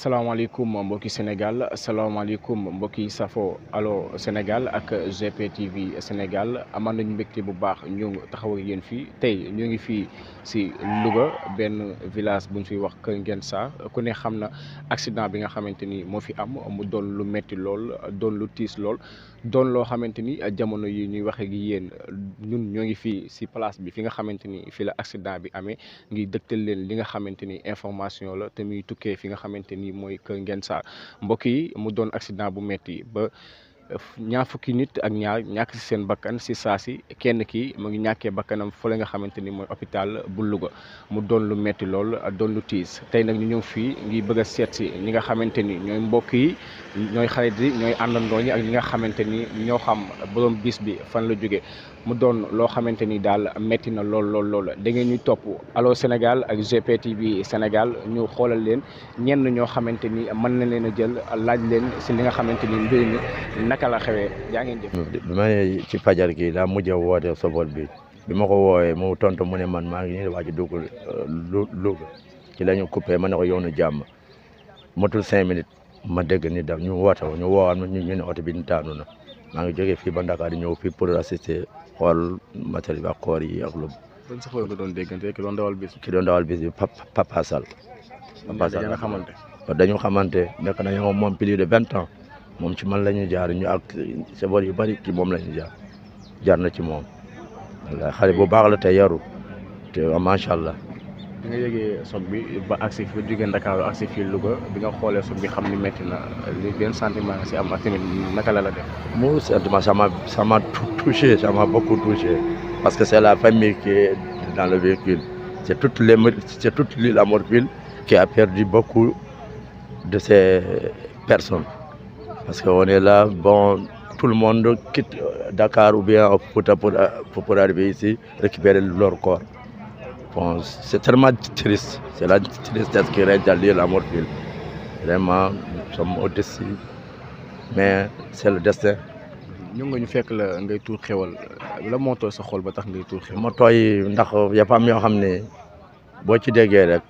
salaamaaleykum mbokki Sénégal salaamaaleykum mbokki Safo alo Sénégal ak gp GPTV Sénégal amaan nañu mbégte bu baax ñu taxaw ak yéen fii tey ñu ngi fii si Louga benn village bu ñu fiy wax Kër Ngeen Sarr ku ne xam na accident bi nga xamante ni moo fi am mu doon lu metti lool doon lu tiis lool doon loo xamante ni jamono yi ñuy waxe gi yéen ñun ñoo ngi fii si place bi fi nga xamante ni fii la accident bi amee ngi dëkk leen li nga xamante ni information la te muy tukkee fi nga xamante ni. mooy Kër Ngeen Saar mbokk yi mu doon accident bu metti ba ñaa fukki nit ak ñaar ñàkk si seen bakkan si saa si kenn ki mu ngi ñàkkee bakkanam fële nga xamante ni mooy hôpital bu Louga mu doon lu metti lool doon lu tiis tey nag ñu ñëw fii ngi bëgg a seet ñi nga xamante ni ñooy mbokk yi ñooy xarit yi ñooy àndandoo ñi ak ñi nga xamante ni ñoo xam borom biis bi fan la jóge mu doon loo xamante ni daal metti na lool lool lool da ngeen topp aloo Sénégal ak bi Sénégal ñu xoolal leen ñenn ñoo xamante ni mën na leen a jël laaj leen si li nga xamante ni mbir mi naka la xewee jaa ma ne ci fajar gi daa mujj a woote sobol bi bi ma ko woowee mu tontu mu ne man maa ngi nii waa ji dugg Louga ci la ñu ma ne ko yoonu jàmm matul cinq minutes ma dégg ni da ñu woote ñu woowaat ma ñu ñu ne oto bi ñu taanu na maa ngi jógee fii ba Dakar ñëw fii pour assister xool matériel ak koor yi ak lu. ban saxoor nga doon déggante ki doon dawal bis. ki doon dawal bis bi Papa Sall. Papa Sall dañu xamante. dañu xamante nekk nañu moom plus de vingt ans. moom ci man la ñu jaar ñu ak sabar yu bari ci moom la jaar jaar na ci moom wallaahi xale bu baax la te yaru te macha allah. bi nga yëgee soog bi ba agsi fi jógee Ndakaaru agsi fii Louga bi nga xoolee soog bi xam ni métti na li benn sentiment nga si am ak naka la la def. mu sentiment ça m'a sama m'a touché ça m'a beaucoup touché parce que c'est la famille qui est dans le véhicule c'est toute les c'est toute l'île à Morphil qui a perdu beaucoup de ces personne parce qu'on est là, bon, tout le monde quitte Dakar ou bien pour, pour, pour arriver ici, récupérer leur corps. Bon, c'est tellement triste, c'est la tristesse qui règne dans la mort Vraiment, nous sommes mais c'est le destin. ñu nga ñu fekk la ngay tuur xewal la moo tooy sa xol ba tax ngay tuur xewal. moo tooy ndax yëpp am yoo xam ne boo ci deggee rek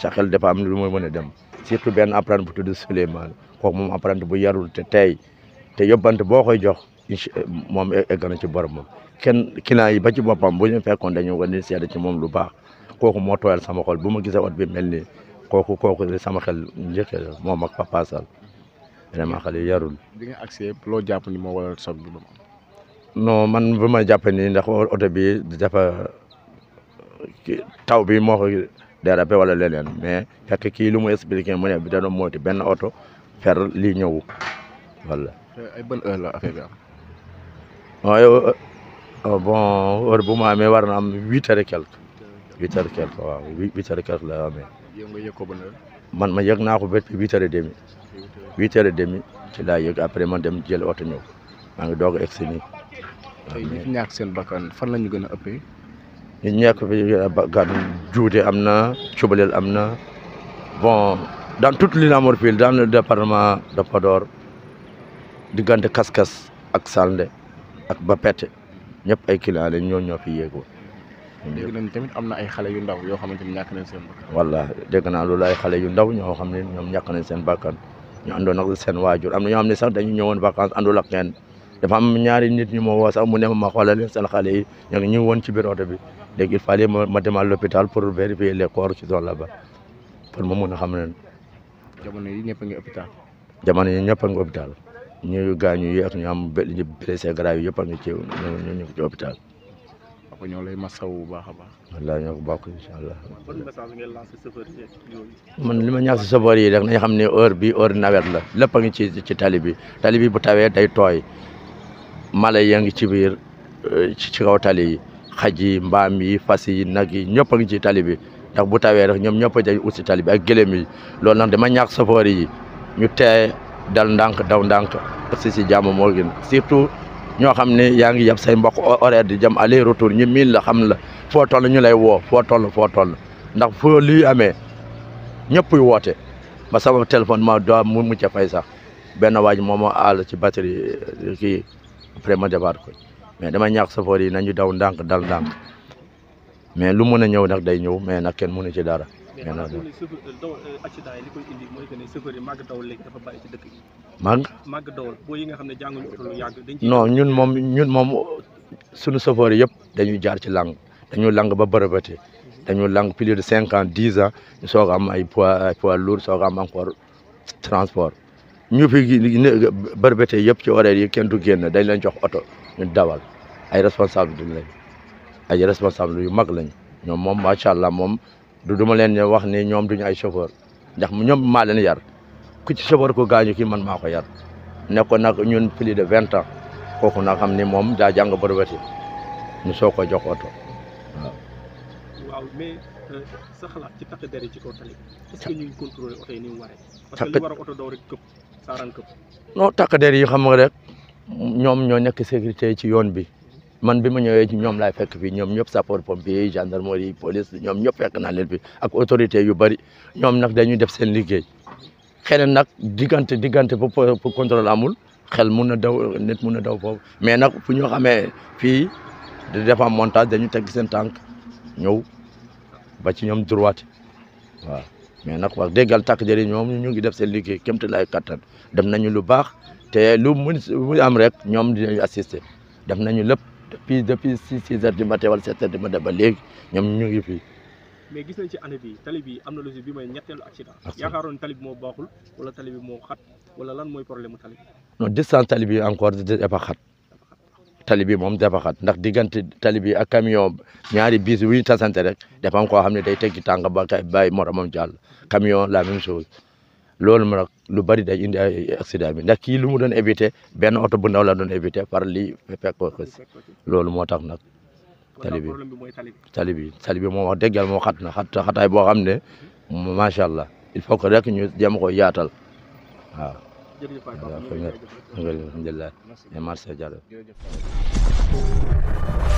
sa xel dafa am lu muy mën a dem surtout benn apprendre bu de Souleymane kooku moom apprenti bu yarul te tey te yóbbante boo koy jox moom e- egg na ci borom moom kenn client yi ba ci boppam bu ñu fekkoon dañu ko ni seede ci moom lu baax kooku moo tooyal sama xol bu ma gisee oto bi mel ni kooku kooku sama xel njëkkee la moom ak Papa Sall yarul. bi loo jàpp ni moo waral soog bi moom. non man bu ma jàpp ni ndax oto bi dafa taw bi moo ko dérapé wala leneen mais fekk kii lu mu expliqué mu ne bi da doon moytu benn oto. fer lii ñëw wala. Euh, ay ban la affaire euh, oh, bon heure bu mu amee war na am huit heures et quelque. huit quelque waaw huit heures et quelque la amee. man ma yëg naa ko ba huit heures et demi. huit demi ci laa yëg après man dem jël oto ñëw maa ngi doog a egg si nii. tey seen bakkan fan lañu gën a ëppee. ñi ñàkk fi ah, juute am na cubalel am na bon. dans toute l'île Morphil dans le département de Podor diggante Kaskas ak Saldé ak Bapete ñëpp ay clients lañ ñoo ñoo fi yéegoo. dégg nañ tamit am na ay xale yu ndaw yoo xamante ni ñàkk nañ seen bakkan. voilà dégg naa loolu ay xale yu ndaw ñoo xam ne ñoom ñàkk nañ seen bakkan ñu àndoon ak seen waajur am na ñoo xam ne sax dañu ñëwoon vacances àndul ak kenn dafa am ñaari nit ñu moo woo sax mu ne ma xoolal leen seen xale yi ñoo ngi woon ci biir oto bi léegi il fallait ma ma demal l'hôpital pour vérifier les corps ci zone là-bas pour ma mun a xam ne. jamono yi ñëpp a ngi hôpital. jamono yi ñëpp a ngi hôpital ñu gaañu yi ak ñu am ñu blessé grave yëpp a ngi ci ñu ñu ci hôpital. ko ñoo lay masawu bu baax a baax. wallaahi ñoo ko bokk incha allah. ban message ngay lancer chauffeur man li ma ñaax si chauffeur yi rek nañu xam ne heure bi heure nawet la lépp a ngi ci ci tali bi tali bi bu tawee day tooy mala yaa ngi ci biir eh, ci kaw tali yi xaj yi mbaam yi fas yi nag yi ñëpp ngi ci tali bi. ndax bu tawee rek ñoom ñëpp ja ut tali bi ak gëléem yi loolu nag dama ñaax safoor yi ñu tee dal ndànk daw ndànk si si moo gën surtout ñoo xam ne yaa ngi yab say mbokk di jëm aller ñu miin la xam la foo toll ñu lay woo foo toll foo toll ndax foo lii amee ñëpp woote ba sama téléphone ma do mu mucc fay benn waa moom moo aal ci batterie kii après ma defaat ko mais dama ñaax safoor yi nañu daw ndànk dal ndànk mais lu mën a ñëw nag day ñëw mais nag kenn mënu ci dara. mais nag euh, euh, accident yi li koy yi nga xam ne jànguñu oto lu yàgg. dañ ñun moom ñun moom suñu chauffeur yëpp dañuy jaar ci lang dañuy lang ba bërëbëte mhm. dañu lang plus de cinq ans ans ñu soog am ay poids ay poids lourd soog am encore transport ñu fi bërëbëte yëpp ci horaire yi kenn du génn dañ leen jox oto ñu dawal ay responsable duñ lañ ay responsable yu mag lañ ñoom moom macha allah moom du duma leen wax ni ñoom duñu ay chauffeur ndax ñoom maa leen yar ku ci chauffeur ko gaañu kii man maa ko yar nekkoon nag ñun plus de vingt ans kooku nag xam ni moom daa jàng brevet ñu soo ko waaw. waaw mais euh, sa takk der ci kaw tali mu waree. parce que li war a oto takk der yi xam nga rek ñoom ñoo nekk sécurité ci yoon bi. man bi ma ñëwee ci ñoom laay fekk fii ñoom ñëpp sapeur pompier gendarmerie police ñoom ñëpp fekk naa leen fi ak autorité yu bëri ñoom nag dañuy def seen liggéey xëy na nag diggante diggante bu pour contrôle amul xel mun na daw nit mun na daw foofu mais nag fu ñu xamee fii di def am montage dañu teg seen tànk ñëw ba ci ñoom droite waaw mais nag wax déggal tàkk jëri ñoom ñu ngi def seen liggéey kémti lay kattan def nañu lu baax te lu mu am rek ñoom dinañu assister def nañu lépp depuis depuis six six heures du matin wala sept heures du matin ba léegi ñoom ñu ngi fii. mais gis nañ ci année bi tali bi am na logique bi mooy ñetteelu accident. yaakaaroon tali bi moo baaxul wala tali moo xat wala lan mooy problème mu tali bi. non distance tali bi encore dafa xat tali bi moom dafa xat ndax diggante tali bi ak camion ñaari bis wi ñu tasante rek dafa am xam ne day teggi tànk ba kay baay moromam jàll camion la même chose. loolu ma nag lu bari day indi ay bi ndax kii lu mu doon éviter benn oto bu ndaw la doon éviter par lii fekkoo loolu moo tax nag tali bi tali bi tali bi moom wax dëgg yàlla xat na xat xataay boo xam ne macha allah il faut que rek ñu jéem ko yaatal waaw alhamdulilah merci